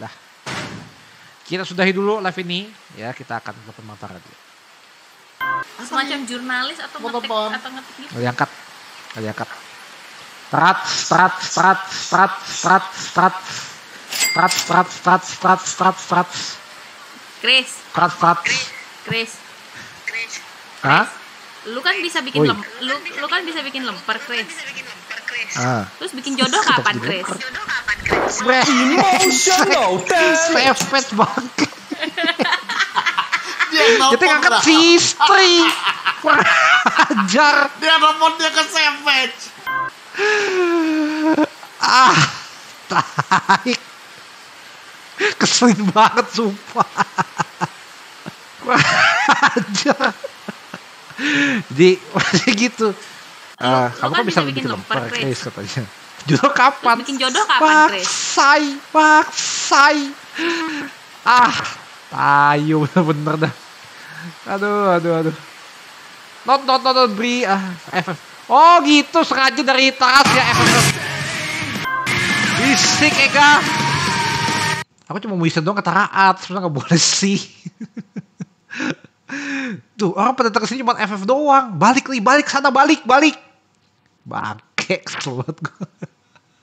Dah. Kita sudahi dulu live ini ya kita akan ke pemantar lagi. Semacam jurnalis atau ngetik atau ngetik gitu. Diangkat. Diangkat. Strat, strat, strat, strat, strat, strat. Strat, strat, strat, strat, strat, strat. Chris. Strat, strat. Chris. Chris. Hah? Lu kan bisa bikin lem, lu, lu kan bisa bikin lempar, kan Chris. Ah. Terus bikin jodoh kapan, Chris? Jodoh Emotional Sepet banget Dia Kita ngangkat istri Wajar Dia dia ke Savage Ah Tarik Keselin banget sumpah Wajar Jadi Masih gitu ah, kamu kan bisa bikin lempar Chris katanya jodoh kapan bikin jodoh kapan paksai paksai ah tayo bener-bener dah aduh aduh aduh not not not, not bri ah FF oh gitu sengaja dari taras ya FF bisik Eka aku cuma mau doang ke Taraat sebenernya gak boleh sih tuh orang pada kesini cuma FF doang balik li, balik sana balik balik Bangke banget gue.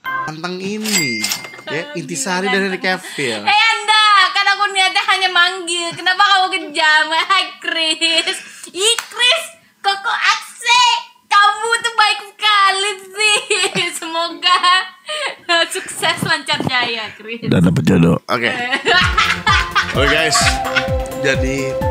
Tentang ini ya intisari dari Henry Cavill. Hei eh, Anda, kan aku niatnya hanya manggil. Kenapa kamu kejam? Hai Chris. Ih Chris, koko akse. Kamu tuh baik sekali sih. Semoga sukses lancar jaya Chris. Dan dapat jodoh. Oke. Okay. Oke okay, guys. Jadi